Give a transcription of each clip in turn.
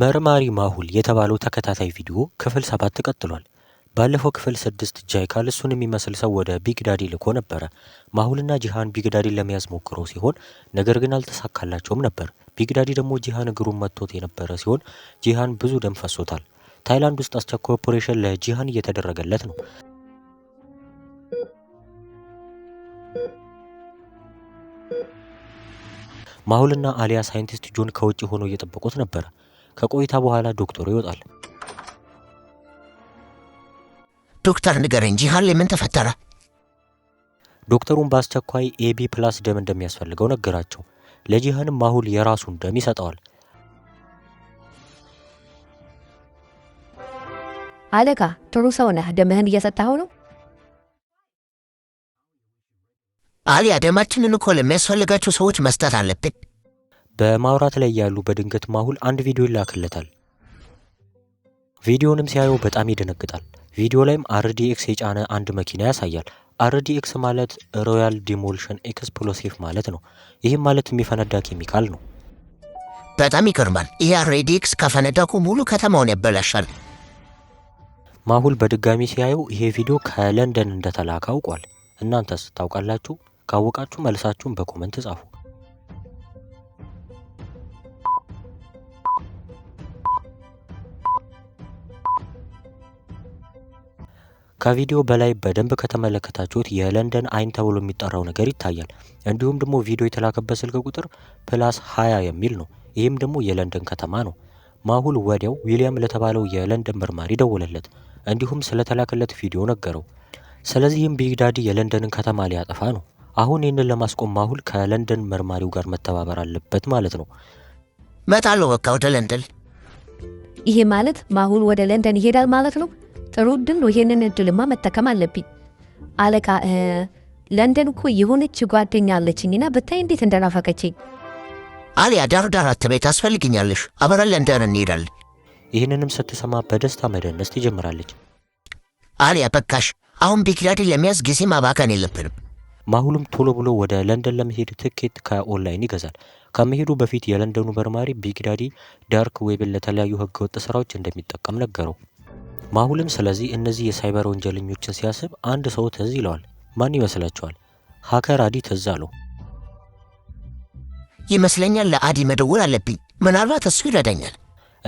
መርማሪ ማሁል የተባለው ተከታታይ ቪዲዮ ክፍል ሰባት ቀጥሏል። ባለፈው ክፍል ስድስት ጃይካል እሱን የሚመስል ሰው ወደ ቢግ ዳዲ ልኮ ነበረ። ማሁልና ጂሃን ቢግ ዳዲ ለመያዝ ሞክሮ ሲሆን ነገር ግን አልተሳካላቸውም ነበር። ቢግ ዳዲ ደግሞ ጂሃን እግሩን መጥቶት የነበረ ሲሆን ጂሃን ብዙ ደም ፈሶታል። ታይላንድ ውስጥ አስቻ ኮርፖሬሽን ለጂሃን እየተደረገለት ነው። ማሁልና አሊያ ሳይንቲስት ጆን ከውጭ ሆኖ እየጠበቁት ነበር። ከቆይታ በኋላ ዶክተሩ ይወጣል። ዶክተር ንገር እንጂ ሀሌ ምን ተፈጠረ? ዶክተሩን በአስቸኳይ ኤቢ ፕላስ ደም እንደሚያስፈልገው ነገራቸው። ለጂሃንም ማሁል የራሱን ደም ይሰጠዋል። አለካ ጥሩ ሰው ነህ። ደምህን እየሰጠኸው ነው። አሊያ ደማችንን እኮ ለሚያስፈልጋቸው ሰዎች መስጠት አለብን። በማውራት ላይ ያሉ በድንገት ማሁል አንድ ቪዲዮ ይላክለታል። ቪዲዮንም ሲያየው በጣም ይደነግጣል። ቪዲዮ ላይም አርዲኤክስ የጫነ አንድ መኪና ያሳያል። አርዲኤክስ ማለት ሮያል ዲሞልሽን ኤክስፕሎሲቭ ማለት ነው። ይህም ማለት የሚፈነዳ ኬሚካል ነው። በጣም ይገርማል። ይህ አርዲኤክስ ከፈነዳኩ ሙሉ ከተማውን ያበላሻል። ማሁል በድጋሚ ሲያየው ይሄ ቪዲዮ ከለንደን እንደተላከ አውቋል። እናንተስ ታውቃላችሁ? ካወቃችሁ መልሳችሁን በኮመንት ጻፉ። ከቪዲዮ በላይ በደንብ ከተመለከታችሁት የለንደን አይን ተብሎ የሚጠራው ነገር ይታያል። እንዲሁም ደግሞ ቪዲዮ የተላከበት ስልክ ቁጥር ፕላስ 20 የሚል ነው። ይህም ደግሞ የለንደን ከተማ ነው። ማሁል ወዲያው ዊሊያም ለተባለው የለንደን መርማሪ ደወለለት፣ እንዲሁም ስለተላከለት ቪዲዮ ነገረው። ስለዚህም ቢግ ዳዲ የለንደንን ከተማ ሊያጠፋ ነው። አሁን ይህንን ለማስቆም ማሁል ከለንደን መርማሪው ጋር መተባበር አለበት ማለት ነው። መጣለሁ በቃ ወደ ለንደን። ይሄ ማለት ማሁል ወደ ለንደን ይሄዳል ማለት ነው። ጥሩ እድል ነው። ይሄንን እድልማ መጠቀም አለብኝ። አለቃ ለንደን እኮ የሆነች ጓደኛ አለችኝና ብታይ እንዴት እንደናፈቀችኝ። አሊያ ዳር አትበይ፣ ታስፈልግኛለሽ። አብረን ለንደን እንሄዳለን። ይህንንም ስትሰማ በደስታ መደነስ ትጀምራለች። አሊያ በቃሽ፣ አሁን ቢግዳዲ ለመያዝ ጊዜ ማባከን የለብንም። ማሁልም ቶሎ ብሎ ወደ ለንደን ለመሄድ ትኬት ከኦንላይን ይገዛል። ከመሄዱ በፊት የለንደኑ መርማሪ ቢግዳዲ ዳርክ ዌብን ለተለያዩ ህገወጥ ስራዎች እንደሚጠቀም ነገረው። ማሁልም ስለዚህ እነዚህ የሳይበር ወንጀለኞችን ሲያስብ አንድ ሰው ትዝ ይለዋል። ማን ይመስላችኋል? ሀከር አዲ ትዝ አለው ይመስለኛል። ለአዲ መደወል አለብኝ፣ ምናልባት እሱ ይረዳኛል።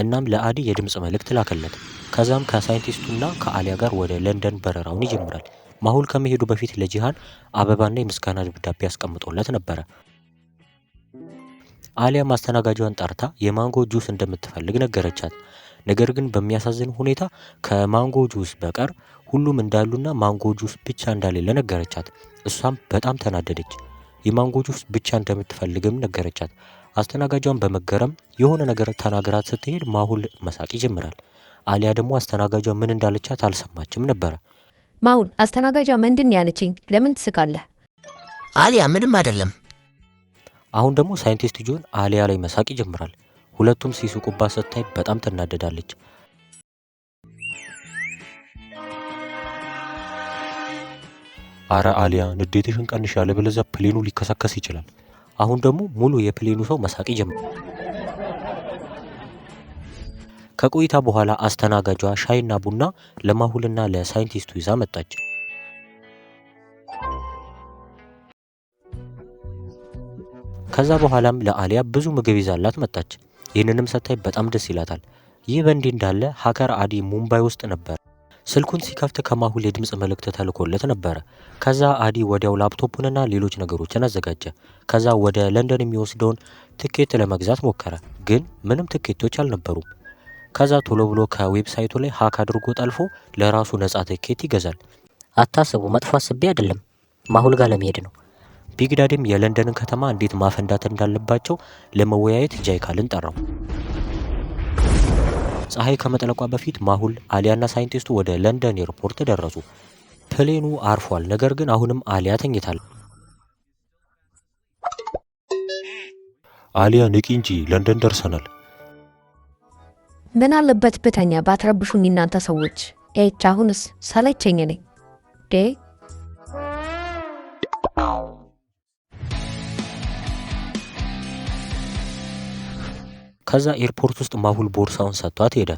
እናም ለአዲ የድምፅ መልእክት ላከለት። ከዛም ከሳይንቲስቱና ከአሊያ ጋር ወደ ለንደን በረራውን ይጀምራል። ማሁል ከመሄዱ በፊት ለጂሃን አበባና የምስጋና ደብዳቤ ያስቀምጦለት ነበረ። አሊያ ማስተናጋጇን ጠርታ የማንጎ ጁስ እንደምትፈልግ ነገረቻት። ነገር ግን በሚያሳዝን ሁኔታ ከማንጎ ጁስ በቀር ሁሉም እንዳሉና ማንጎ ጁስ ብቻ እንዳሌለ ነገረቻት። እሷም በጣም ተናደደች። የማንጎ ጁስ ብቻ እንደምትፈልግም ነገረቻት። አስተናጋጇን በመገረም የሆነ ነገር ተናግራት ስትሄድ ማሁል መሳቅ ይጀምራል። አሊያ ደግሞ አስተናጋጇ ምን እንዳለቻት አልሰማችም ነበረ። ማሁል አስተናጋጇ ምንድን ያለችኝ? ለምን ትስቃለህ? አሊያ ምንም አይደለም። አሁን ደግሞ ሳይንቲስት ጆን አሊያ ላይ መሳቅ ይጀምራል። ሁለቱም ሲስቁባት ስታይ በጣም ትናደዳለች። አረ አሊያ ንዴትሽን ቀንሽ፣ ያለበለዚያ ፕሌኑ ሊከሰከስ ይችላል። አሁን ደግሞ ሙሉ የፕሌኑ ሰው መሳቂ ጀምሯል። ከቆይታ በኋላ አስተናጋጇ ሻይና ቡና ለማሁልና ለሳይንቲስቱ ይዛ መጣች። ከዛ በኋላም ለአሊያ ብዙ ምግብ ይዛላት መጣች። ይህንንም ስታይ በጣም ደስ ይላታል። ይህ በእንዲህ እንዳለ ሀከር አዲ ሙምባይ ውስጥ ነበር። ስልኩን ሲከፍት ከማሁል የድምፅ መልእክት ተልኮለት ነበረ። ከዛ አዲ ወዲያው ላፕቶፑንና ሌሎች ነገሮችን አዘጋጀ። ከዛ ወደ ለንደን የሚወስደውን ትኬት ለመግዛት ሞከረ፣ ግን ምንም ትኬቶች አልነበሩም። ከዛ ቶሎ ብሎ ከዌብሳይቱ ላይ ሀክ አድርጎ ጠልፎ ለራሱ ነፃ ትኬት ይገዛል። አታስቡ፣ መጥፎ አስቤ አይደለም፣ ማሁል ጋር ለመሄድ ነው። ቢግዳድም የለንደንን ከተማ እንዴት ማፈንዳት እንዳለባቸው ለመወያየት ጃይካልን ጠራው። ፀሐይ ከመጥለቋ በፊት ማሁል አሊያና ሳይንቲስቱ ወደ ለንደን ኤርፖርት ደረሱ። ፕሌኑ አርፏል፣ ነገር ግን አሁንም አሊያ ተኝታል። አሊያ ንቂ እንጂ ለንደን ደርሰናል። ምን አለበት ብተኛ ባትረብሹኝ እናንተ ሰዎች። ኤች አሁንስ ሰለቸኝ ነኝ። ከዛ ኤርፖርት ውስጥ ማሁል ቦርሳውን ሰጥቷት ሄደ።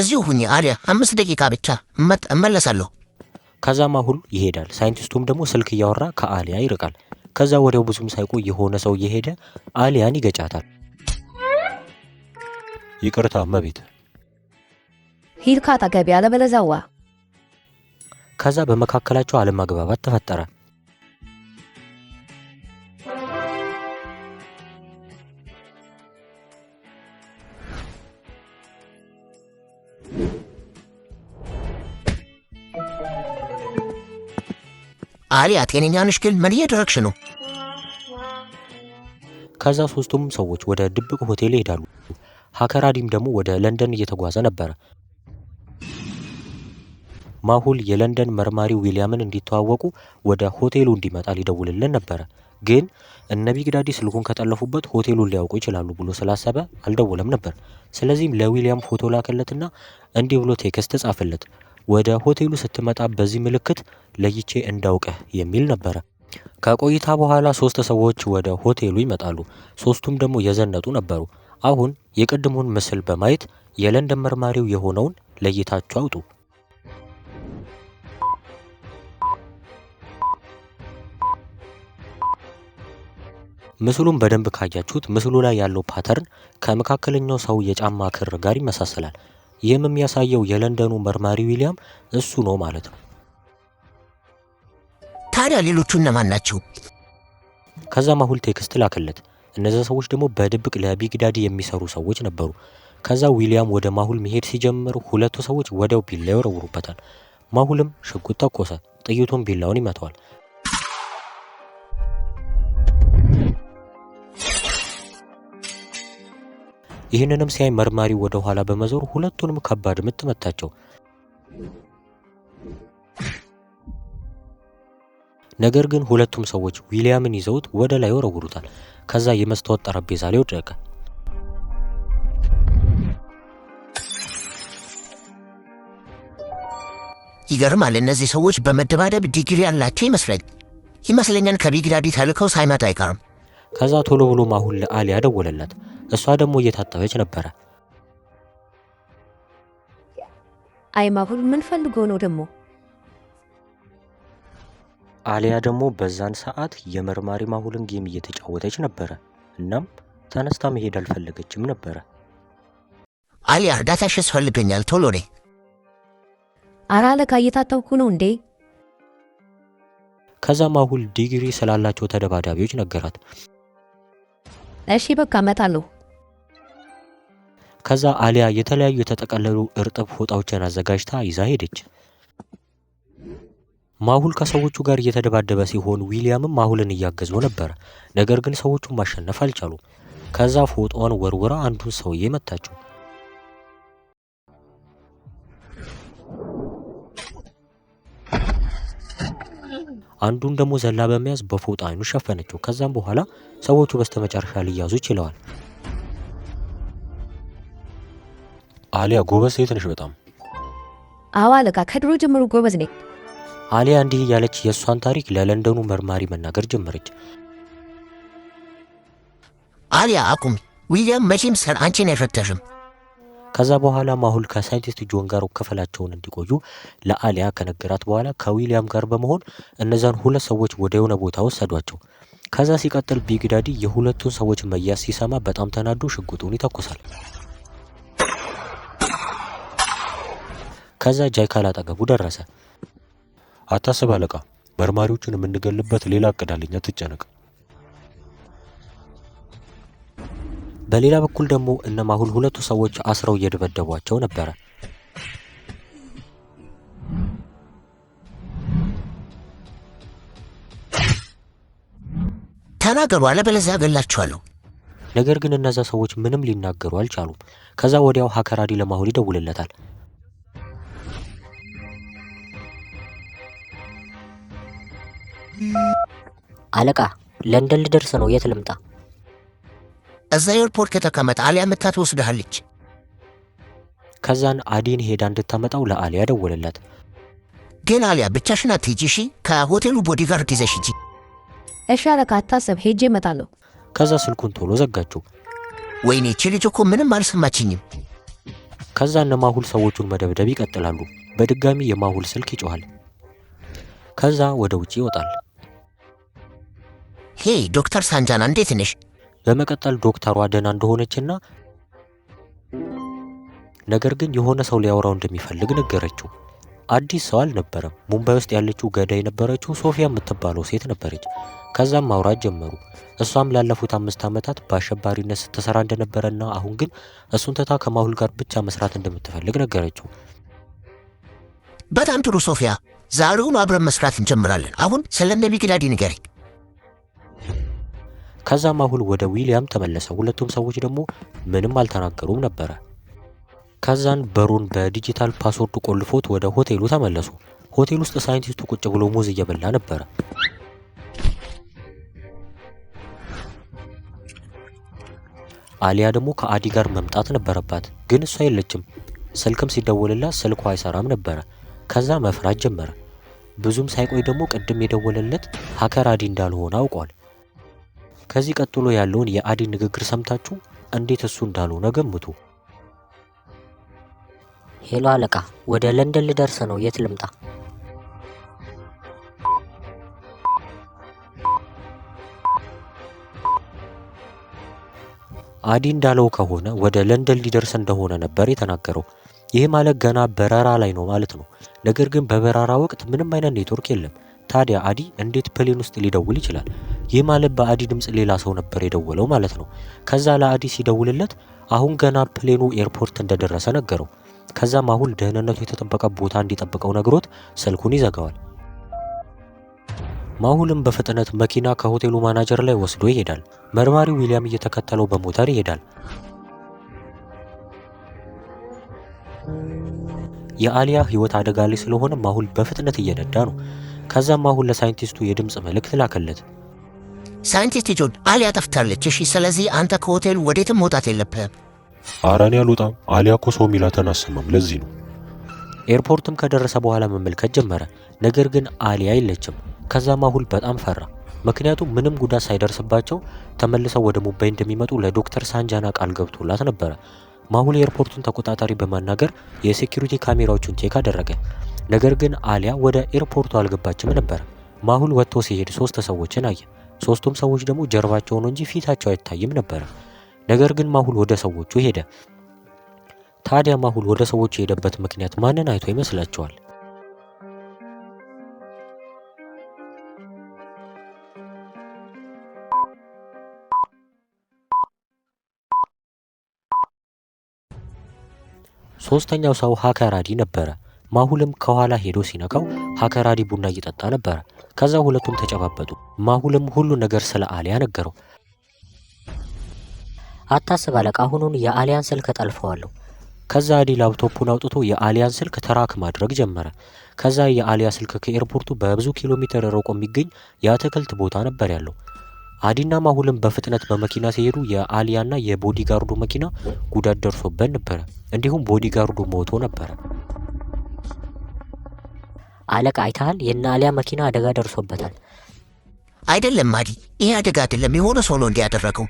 እዚሁ ሁኚ አሊያ አምስት ደቂቃ ብቻ መጥ እመለሳለሁ። ከዛ ማሁል ይሄዳል። ሳይንቲስቱም ደግሞ ስልክ እያወራ ከአሊያ ይርቃል። ከዛ ወዲያው ብዙም ሳይቆይ የሆነ ሰው እየሄደ አሊያን ይገጫታል። ይቅርታ መቤት ሂድ ካጠገቤ አለበለዚያ ከዛ በመካከላቸው አለመግባባት ተፈጠረ። አሊ ጤነኛንሽ ግን ምን እየደረግሽ ነው? ከዛ ሶስቱም ሰዎች ወደ ድብቅ ሆቴል ይሄዳሉ። ሀከር አዲም ደግሞ ወደ ለንደን እየተጓዘ ነበረ። ማሁል የለንደን መርማሪ ዊሊያምን እንዲተዋወቁ ወደ ሆቴሉ እንዲመጣ ሊደውልልን ነበረ፣ ግን እነ ቢግ ስልኩን ከጠለፉበት ሆቴሉን ሊያውቁ ይችላሉ ብሎ ስላሰበ አልደወለም ነበር። ስለዚህም ለዊሊያም ፎቶ ላከለትና እንዲህ ብሎ ቴክስት ጻፈለት። ወደ ሆቴሉ ስትመጣ በዚህ ምልክት ለይቼ እንዳውቀ የሚል ነበረ። ከቆይታ በኋላ ሶስት ሰዎች ወደ ሆቴሉ ይመጣሉ። ሶስቱም ደግሞ የዘነጡ ነበሩ። አሁን የቅድሙን ምስል በማየት የለንደን መርማሪው የሆነውን ለይታችሁ አውጡ። ምስሉን በደንብ ካያችሁት ምስሉ ላይ ያለው ፓተርን ከመካከለኛው ሰው የጫማ ክር ጋር ይመሳሰላል። ይህም የሚያሳየው የለንደኑ መርማሪ ዊሊያም እሱ ነው ማለት ነው። ታዲያ ሌሎቹ እነማን ናቸው? ከዛ ማሁል ቴክስት ላከለት። እነዚያ ሰዎች ደግሞ በድብቅ ለቢግ ዳዲ የሚሰሩ ሰዎች ነበሩ። ከዛ ዊሊያም ወደ ማሁል መሄድ ሲጀምር ሁለቱ ሰዎች ወዲያው ቢላ ይወረውሩበታል። ማሁልም ሽጉጥ ተኮሰ። ጥይቱን ቢላውን ይመተዋል። ይህንንም ሲያይ መርማሪ ወደ ኋላ በመዞር ሁለቱንም ከባድ ምት መታቸው። ነገር ግን ሁለቱም ሰዎች ዊሊያምን ይዘውት ወደ ላይ ወረውሩታል። ከዛ የመስታወት ጠረጴዛ ላይ ወደቀ። ይገርማል። እነዚህ ሰዎች በመደባደብ ዲግሪ ያላቸው ይመስለኝ ይመስለኛል ከቢግዳዲ ተልከው ሳይመጣ አይቀርም። ከዛ ቶሎ ብሎ ማሁን ለአሊ ደወለላት። እሷ ደግሞ እየታጠበች ነበረ። አይ ማሁል ምን ፈልጎ ነው ደግሞ? አሊያ ደግሞ በዛን ሰዓት የመርማሪ ማሁልን ጌም እየተጫወተች ነበረ። እናም ተነስታ መሄድ አልፈለገችም ነበረ። አሊያ እርዳታሽ ያስፈልገኛል፣ ቶሎ ነይ። አረ እየታተብኩ ነው እንዴ? ከዛ ማሁል ዲግሪ ስላላቸው ተደባዳቢዎች ነገራት። እሺ በቃ እመጣለሁ። ከዛ አሊያ የተለያዩ የተጠቀለሉ እርጥብ ፎጣዎችን አዘጋጅታ ይዛ ሄደች። ማሁል ከሰዎቹ ጋር እየተደባደበ ሲሆን ዊሊያምም ማሁልን እያገዘው ነበር። ነገር ግን ሰዎቹን ማሸነፍ አልቻሉም። ከዛ ፎጣዋን ወርውራ አንዱን ሰውዬ መታቸው። አንዱን ደግሞ ዘላ በመያዝ በፎጣ አይኑ ሸፈነችው። ከዛም በኋላ ሰዎቹ በስተመጨረሻ ሊያዙ ችለዋል። አሊያ ጎበዝ ሴት ነሽ በጣም። አዎ አለቃ፣ ከድሮ ጀምሮ ጎበዝ ነኝ። አሊያ እንዲህ እያለች የእሷን ታሪክ ለለንደኑ መርማሪ መናገር ጀመረች። አሊያ አቁሚ፣ ዊሊያም መቼም ሰር አንቺን አይፈተሽም። ከዛ በኋላ ማሁል ከሳይንቲስት ጆን ጋር ክፍላቸውን እንዲቆዩ ለአሊያ ከነገራት በኋላ ከዊሊያም ጋር በመሆን እነዛን ሁለት ሰዎች ወደ የሆነ ቦታ ወሰዷቸው። ከዛ ሲቀጥል ቢግዳዲ የሁለቱን ሰዎች መያዝ ሲሰማ በጣም ተናዶ ሽጉጡን ይተኩሳል። ከዛ ጃይካል አጠገቡ ደረሰ። አታስብ አለቃ፣ መርማሪዎቹን የምንገልበት ሌላ እቅድ አለኝ፣ አትጨነቅ። በሌላ በኩል ደግሞ እነ ማሁል ሁለቱ ሰዎች አስረው እየደበደቧቸው ነበረ። ተናገሩ፣ አለበለዚያ ገላችኋለሁ። ነገር ግን እነዛ ሰዎች ምንም ሊናገሩ አልቻሉም። ከዛ ወዲያው ሀከራዲ ለማሁል ይደውልለታል። አለቃ ለንደን ልደርስ ነው። የት ልምጣ? እዛ ኤርፖርት ከተቀመጠ አሊያ መታ ትወስድሃለች። ከዛን አዲን ሄዳ እንድታመጣው ለአሊያ ደወለላት። ግን አሊያ ብቻሽን አትሄጂ እሺ፣ ከሆቴሉ ቦዲጋርድ ይዘሽ ሂጂ። እሺ አለቃ፣ አታሰብ፣ ሄጄ እመጣለሁ። ከዛ ስልኩን ቶሎ ዘጋችው። ወይኔ ቺ ልጅ እኮ ምንም አልሰማችኝም። ከዛ እነ ማሁል ሰዎቹን መደብደብ ይቀጥላሉ። በድጋሚ የማሁል ስልክ ይጮኋል። ከዛ ወደ ውጭ ይወጣል። ሄይ ዶክተር ሳንጃና እንዴት ነሽ? በመቀጠል ዶክተሯ ደህና እንደሆነችና ነገር ግን የሆነ ሰው ሊያወራው እንደሚፈልግ ነገረችው። አዲስ ሰው አልነበረም። ሙምባይ ውስጥ ያለችው ገዳይ የነበረችው ሶፊያ የምትባለው ሴት ነበረች። ከዛም ማውራት ጀመሩ። እሷም ላለፉት አምስት ዓመታት በአሸባሪነት ስትሰራ እንደነበረና አሁን ግን እሱን ትታ ከማሁል ጋር ብቻ መስራት እንደምትፈልግ ነገረችው። በጣም ጥሩ ሶፊያ፣ ዛሬውን አብረን መስራት እንጀምራለን። አሁን ስለ ነቢግላዲ ንገሪኝ። ከዛም ማሁል ወደ ዊሊያም ተመለሰ። ሁለቱም ሰዎች ደግሞ ምንም አልተናገሩም ነበረ። ከዛን በሩን በዲጂታል ፓስወርድ ቆልፎት ወደ ሆቴሉ ተመለሱ። ሆቴል ውስጥ ሳይንቲስቱ ቁጭ ብሎ ሙዝ እየበላ ነበረ። አሊያ ደግሞ ከአዲ ጋር መምጣት ነበረባት፣ ግን እሷ የለችም። ስልክም ሲደወልላት ስልኩ አይሰራም ነበረ። ከዛ መፍራት ጀመረ። ብዙም ሳይቆይ ደግሞ ቅድም የደወለለት ሀከር አዲ እንዳልሆነ አውቋል። ከዚህ ቀጥሎ ያለውን የአዲን ንግግር ሰምታችሁ እንዴት እሱ እንዳልሆነ ገምቱ። ሄሎ አለቃ፣ ወደ ለንደን ልደርስ ነው። የት ልምጣ? አዲ እንዳለው ከሆነ ወደ ለንደን ሊደርስ እንደሆነ ነበር የተናገረው። ይህ ማለት ገና በረራ ላይ ነው ማለት ነው። ነገር ግን በበረራ ወቅት ምንም አይነት ኔትወርክ የለም። ታዲያ አዲ እንዴት ፕሌን ውስጥ ሊደውል ይችላል? ይህ ማለት በአዲ ድምፅ ሌላ ሰው ነበር የደወለው ማለት ነው። ከዛ ለአዲ ሲደውልለት አሁን ገና ፕሌኑ ኤርፖርት እንደደረሰ ነገረው። ከዛም አሁን ደህንነቱ የተጠበቀ ቦታ እንዲጠብቀው ነግሮት ስልኩን ይዘጋዋል። ማሁልም በፍጥነት መኪና ከሆቴሉ ማናጀር ላይ ወስዶ ይሄዳል። መርማሪ ዊሊያም እየተከተለው በሞተር ይሄዳል። የአሊያ ህይወት አደጋ ላይ ስለሆነ ማሁል በፍጥነት እየነዳ ነው። ከዛም አሁን ለሳይንቲስቱ የድምፅ መልእክት ላከለት። ሳይንቲስት ጆን አሊያ ጠፍታለች። እሺ፣ ስለዚህ አንተ ከሆቴል ወዴትም መውጣት የለብህም። ኧረ እኔ አልወጣም። አሊያ እኮ ሰው ሚላተን አሰማም። ለዚህ ነው። ኤርፖርትም ከደረሰ በኋላ መመልከት ጀመረ። ነገር ግን አሊያ የለችም። ከዛም አሁል በጣም ፈራ። ምክንያቱም ምንም ጉዳት ሳይደርስባቸው ተመልሰው ወደ ሙባይ እንደሚመጡ ለዶክተር ሳንጃና ቃል ገብቶላት ነበረ። ማሁል የኤርፖርቱን ተቆጣጣሪ በማናገር የሴኩሪቲ ካሜራዎቹን ቼክ አደረገ። ነገር ግን አሊያ ወደ ኤርፖርቱ አልገባችም ነበር። ማሁል ወጥቶ ሲሄድ ሶስት ሰዎችን አየ። ሶስቱም ሰዎች ደግሞ ጀርባቸው ነው እንጂ ፊታቸው አይታይም ነበር። ነገር ግን ማሁል ወደ ሰዎቹ ሄደ። ታዲያ ማሁል ወደ ሰዎቹ የሄደበት ምክንያት ማንን አይቶ ይመስላችኋል? ሶስተኛው ሰው ሀካራዲ ነበረ። ማሁልም ከኋላ ሄዶ ሲነካው ሀከራዲ ቡና እየጠጣ ነበረ። ከዛ ሁለቱም ተጨባበጡ። ማሁልም ሁሉ ነገር ስለ አሊያ ነገረው። አታስብ አለቃ፣ አሁኑን የአሊያን ስልክ ጠልፈዋለሁ። ከዛ አዲ ላፕቶፑን አውጥቶ የአሊያን ስልክ ትራክ ማድረግ ጀመረ። ከዛ የአሊያ ስልክ ከኤርፖርቱ በብዙ ኪሎ ሜትር ርቆ የሚገኝ የአትክልት ቦታ ነበር ያለው። አዲና ማሁልም በፍጥነት በመኪና ሲሄዱ የአሊያና የቦዲጋርዱ መኪና ጉዳት ደርሶበት ነበረ። እንዲሁም ቦዲጋርዱ ሞቶ ነበረ። አለቃ አይተሃል? የእነ አሊያ መኪና አደጋ ደርሶበታል። አይደለም ማዲ፣ ይሄ አደጋ አይደለም፣ የሆነ ሰው ነው እንዲህ ያደረገው።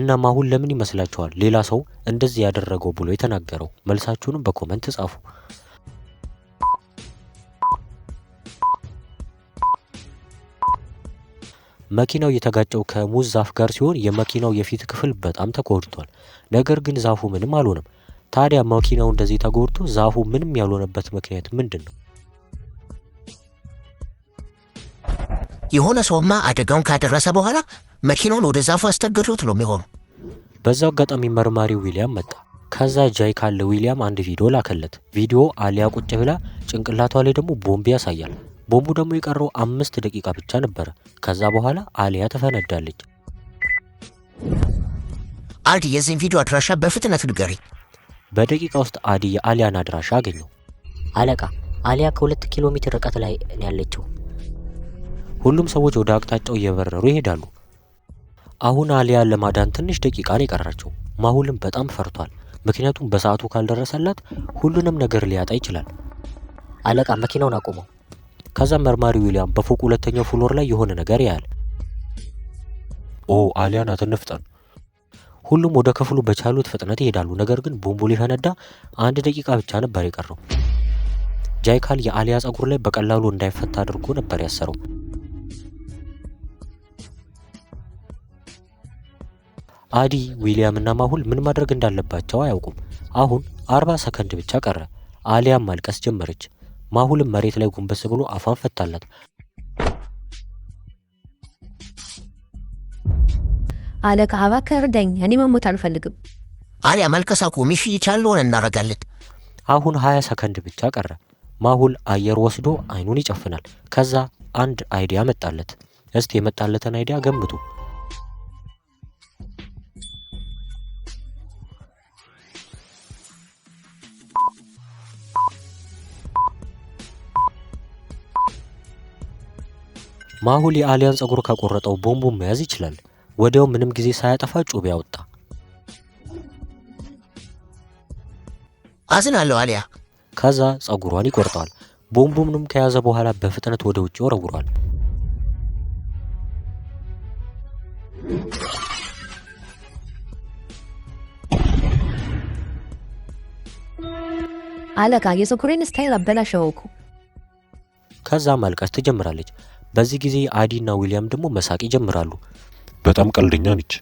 እናም አሁን ለምን ይመስላችኋል ሌላ ሰው እንደዚህ ያደረገው ብሎ የተናገረው? መልሳችሁንም በኮመንት ጻፉ። መኪናው የተጋጨው ከሙዝ ዛፍ ጋር ሲሆን የመኪናው የፊት ክፍል በጣም ተጎድቷል። ነገር ግን ዛፉ ምንም አልሆነም። ታዲያ መኪናው እንደዚህ ተጎድቶ ዛፉ ምንም ያልሆነበት ምክንያት ምንድን ነው? የሆነ ሰውማ አደጋውን ካደረሰ በኋላ መኪናውን ወደ ዛፉ አስተገዱት ነው የሚሆኑ። በዛው አጋጣሚ መርማሪ ዊሊያም መጣ። ከዛ ጃይ ካለ ዊሊያም አንድ ቪዲዮ ላከለት። ቪዲዮ አሊያ ቁጭ ብላ ጭንቅላቷ ላይ ደግሞ ቦምብ ያሳያል። ቦምቡ ደግሞ የቀረው አምስት ደቂቃ ብቻ ነበረ። ከዛ በኋላ አሊያ ተፈነዳለች። አዲ የዚህን ቪዲዮ አድራሻ በፍጥነት ንገሪ። በደቂቃ ውስጥ አዲ የአሊያን አድራሻ አገኘው። አለቃ አሊያ ከሁለት ኪሎ ሜትር ርቀት ላይ ያለችው ሁሉም ሰዎች ወደ አቅጣጫው እየበረሩ ይሄዳሉ። አሁን አሊያ ለማዳን ትንሽ ደቂቃ ነው የቀራቸው። ማሁልም በጣም ፈርቷል፣ ምክንያቱም በሰዓቱ ካልደረሰላት ሁሉንም ነገር ሊያጣ ይችላል። አለቃ መኪናውን አቁመው። ከዛም መርማሪ ዊሊያም በፎቅ ሁለተኛው ፍሎር ላይ የሆነ ነገር ያያል። ኦ አሊያ ናት፣ ሁሉም ወደ ክፍሉ በቻሉት ፍጥነት ይሄዳሉ። ነገር ግን ቦምቡ ሊፈነዳ አንድ ደቂቃ ብቻ ነበር የቀረው። ጃይካል የአሊያ ጸጉር ላይ በቀላሉ እንዳይፈታ አድርጎ ነበር ያሰረው። አዲ ዊሊያም እና ማሁል ምን ማድረግ እንዳለባቸው አያውቁም። አሁን አርባ ሰከንድ ብቻ ቀረ። አሊያም ማልቀስ ጀመረች። ማሁልም መሬት ላይ ጎንበስ ብሎ አፏን ፈታላት። አለቃ እባክህ እርዳኝ፣ እኔ መሞት አልፈልግም። አሊያ ማልቀሳ ይቻል ሆነ እናረጋለት። አሁን ሀያ ሰከንድ ብቻ ቀረ። ማሁል አየር ወስዶ አይኑን ይጨፍናል። ከዛ አንድ አይዲያ መጣለት። እስቲ የመጣለትን አይዲያ ገምቱ። ማሁል የአሊያን ጸጉር ካቆረጠው ቦምቡን መያዝ ይችላል። ወዲያው ምንም ጊዜ ሳያጠፋ ጩቤ አወጣ። አዝናለሁ አሊያ። ከዛ ጸጉሯን ይቆርጠዋል። ቦምቡንም ከያዘ በኋላ በፍጥነት ወደ ውጭ ወረውሯል። አለቃ የጸጉሬን ስታይል አበላሸው እኮ። ከዛ ማልቀስ ትጀምራለች። በዚህ ጊዜ አዲ እና ዊሊያም ደግሞ መሳቅ ይጀምራሉ። በጣም ቀልደኛ ነች።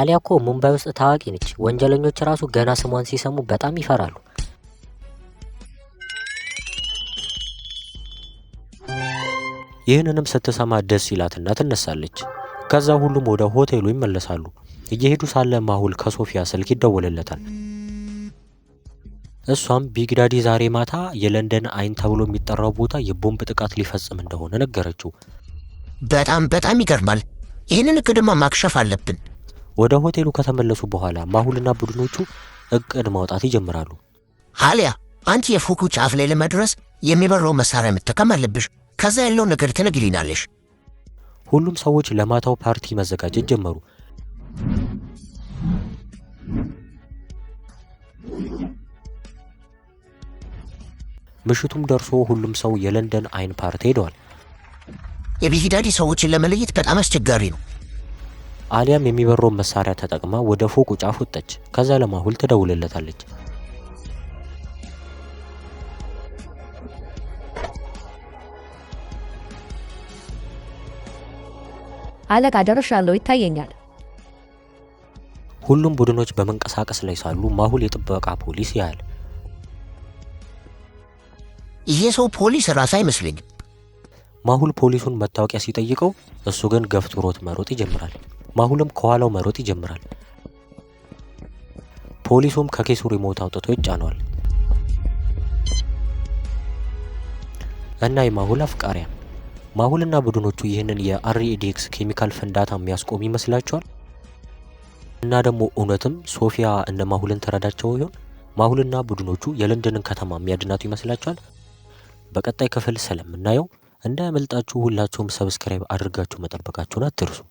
አሊያ እኮ ሙምባይ ውስጥ ታዋቂ ነች። ወንጀለኞች ራሱ ገና ስሟን ሲሰሙ በጣም ይፈራሉ። ይህንንም ስትሰማ ደስ ይላትና ትነሳለች። ከዛ ሁሉም ወደ ሆቴሉ ይመለሳሉ። እየሄዱ ሳለ ማሁል ከሶፊያ ስልክ ይደወልለታል። እሷም ቢግዳዲ ዛሬ ማታ የለንደን አይን ተብሎ የሚጠራው ቦታ የቦምብ ጥቃት ሊፈጽም እንደሆነ ነገረችው። በጣም በጣም ይገርማል። ይህንን እቅድማ ማክሸፍ አለብን። ወደ ሆቴሉ ከተመለሱ በኋላ ማሁልና ቡድኖቹ እቅድ ማውጣት ይጀምራሉ። ሀሊያ፣ አንቺ የፎቁ ጫፍ ላይ ለመድረስ የሚበረው መሳሪያ መጠቀም አለብሽ። ከዛ ያለው ነገር ትነግሪናለሽ። ሁሉም ሰዎች ለማታው ፓርቲ መዘጋጀት ጀመሩ። ምሽቱም ደርሶ ሁሉም ሰው የለንደን አይን ፓርቲ ሄደዋል። የቢሂዳዲ ሰዎችን ለመለየት በጣም አስቸጋሪ ነው። አሊያም የሚበረውን መሳሪያ ተጠቅማ ወደ ፎቁ ጫፍ ወጣች። ከዛ ለማሁል ትደውልለታለች። አለቃ ደርሻለሁ፣ ይታየኛል። ሁሉም ቡድኖች በመንቀሳቀስ ላይ ሳሉ ማሁል የጥበቃ ፖሊስ ያያል። ይሄ ሰው ፖሊስ ራሱ አይመስለኝም። ማሁል ፖሊሱን መታወቂያ ሲጠይቀው እሱ ግን ገፍትሮት መሮጥ ይጀምራል። ማሁልም ከኋላው መሮጥ ይጀምራል። ፖሊሱም ከኬሱ ሪሞት አውጥቶ ይጫኗል እና የማሁል አፍቃሪያ ማሁልና ቡድኖቹ ይህንን የአርኢዲክስ ኬሚካል ፍንዳታ የሚያስቆም ይመስላችኋል? እና ደግሞ እውነትም ሶፊያ እነ ማሁልን ተረዳቸው ይሆን? ማሁልና ቡድኖቹ የለንደንን ከተማ የሚያድናቱ ይመስላቸዋል። በቀጣይ ክፍል ስለምናየው እንዳያመልጣችሁ ሁላችሁም ሰብስክራይብ አድርጋችሁ መጠበቃችሁን አትርሱም።